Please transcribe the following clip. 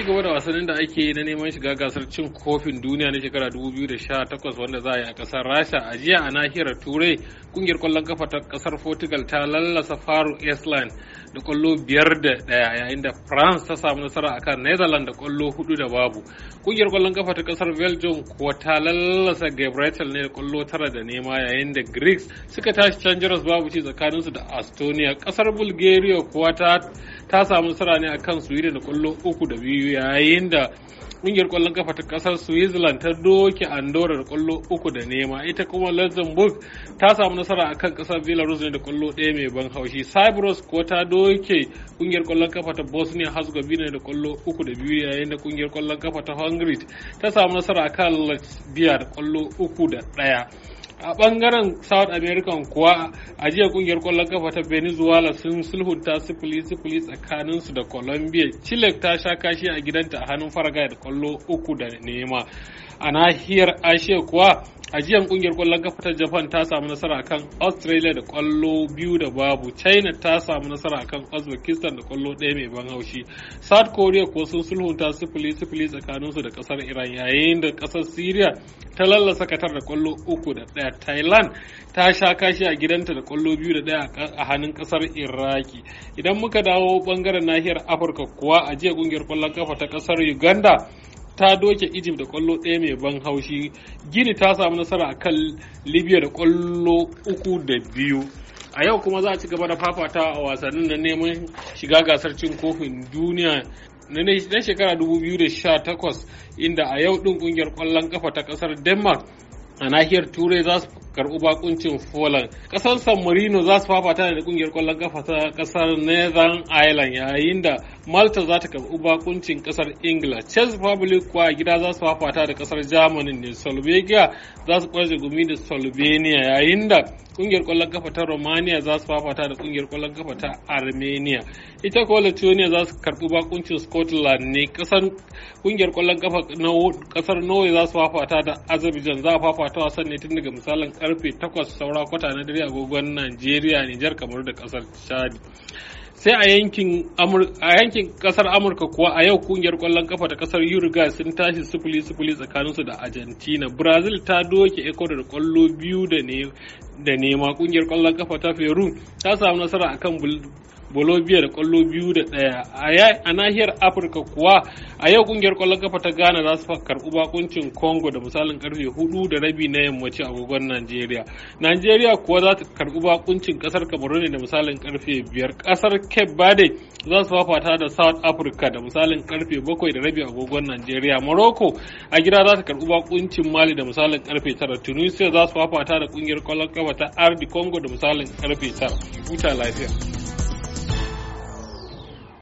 ci gaba da wasannin da ake yi na neman shiga gasar cin kofin duniya na shekara 2018 wanda za a yi a kasar rasha a jiya a nahiyar turai kungiyar kwallon kafa ta kasar portugal ta lallasa faru island da kwallo biyar da daya yayin da france ta samu nasara akan netherlands da kwallo hudu da babu kungiyar kwallon kafa ta kasar belgium kuwa ta lallasa gabriel ne da kwallo tara da nema yayin da greeks suka tashi can babu ci su da estonia kasar bulgaria kuwa ta samu nasara ne akan sweden da kwallo uku da biyu yayin da ƙungiyar ƙwallon kafa ta ƙasar switzerland ta doke andorra da ƙwallo uku da nema ita kuma luxembourg ta samu nasara a kan ƙasar belarus ne da kwallo ɗaya mai ban haushi cyprus kuwa ta doke ƙungiyar ƙwallon kafa ta bosnia herzegovina da ƙwallo uku da biyu yayin da ƙungiyar ƙwallon kafa ta hungary ta samu nasara a kan latvia da ƙwallo uku da ɗaya a bangaren south america kuwa a jiya kungiyar kwallon kafa ta venezuela sun sulhunta sifili sifili tsakanin su da colombia chile ta sha kashi a gidanta a hannun faraga da kwallo uku da nema a nahiyar ashe kuwa a jiyan kungiyar kwallon kafa ta japan ta samu nasara akan australia da kwallo biyu da babu china ta samu nasara akan uzbekistan da kwallo ɗaya mai ban haushi south korea kuwa sun sulhunta sifili sifili tsakaninsu da kasar iran yayin da kasar syria ta lallasa katar da kwallo uku da ɗaya thailand ta sha kashi a gidanta da kwallo biyu da ɗaya a hannun kasar iraki idan muka dawo bangaren nahiyar afirka kuwa a jiya kungiyar kwallon kafa ta kasar uganda ta doke egypt da kwallo ɗaya mai ban haushi gini ta samu nasara a kan libya da kwallo uku da biyu a yau kuma za a ci gaba da fafata a wasannin na neman shiga gasar cin kofin duniya na shekara 2018 inda a yau ɗin ƙungiyar ƙwallon kafa ta ƙasar denmark a nahiyar turai za su karɓi bakuncin Poland. Ƙasar San Marino za su fafata da ƙungiyar kwallon kafa ta ƙasar Northern Ireland yayin da Malta za ta karɓi bakuncin ƙasar Ingila, Czech Republic kuwa gida za su fafata da ƙasar Germany ne, Slovakia za su kwarje gumi da Slovenia yayin da ƙungiyar ƙwallon kafa ta Romania za su fafata da ƙungiyar ƙwallon kafa ta Armenia. Ita kuwa Lithuania za su karɓi bakuncin Scotland ne, ƙasar ƙungiyar ƙwallon kafa ƙasar Norway za su fafata da Azerbaijan za a fafata wasan ne tun daga misalin karfe 8 saura kwata na dare agogon Najeriya, Nijar, kamar da ƙasar Chad. sai a yankin kasar amurka kuwa a yau kungiyar kwallon kafa ta kasar uruguay sun tashi sufuli sifili tsakaninsu da argentina brazil ta doke ecuador kwallo biyu da nema kungiyar kwallon kafa ta peru ta samu nasara akan bolivia da kwallo biyu da ɗaya a nahiyar afirka kuwa a yau kungiyar kwallon kafa ta ghana za su karɓi bakuncin congo da misalin karfe hudu da rabi na yammaci agogon Najeriya. Najeriya kuwa za ta karɓi bakuncin ƙasar cameroon da misalin karfe biyar ƙasar cape verde za su fafata da south africa da misalin karfe bakwai da rabi agogon Najeriya morocco a gida za ta karɓi bakuncin mali da misalin karfe tara tunisia za su fafata da kungiyar kwallon kafa ta Ardi congo da misalin karfe tara huta lafiya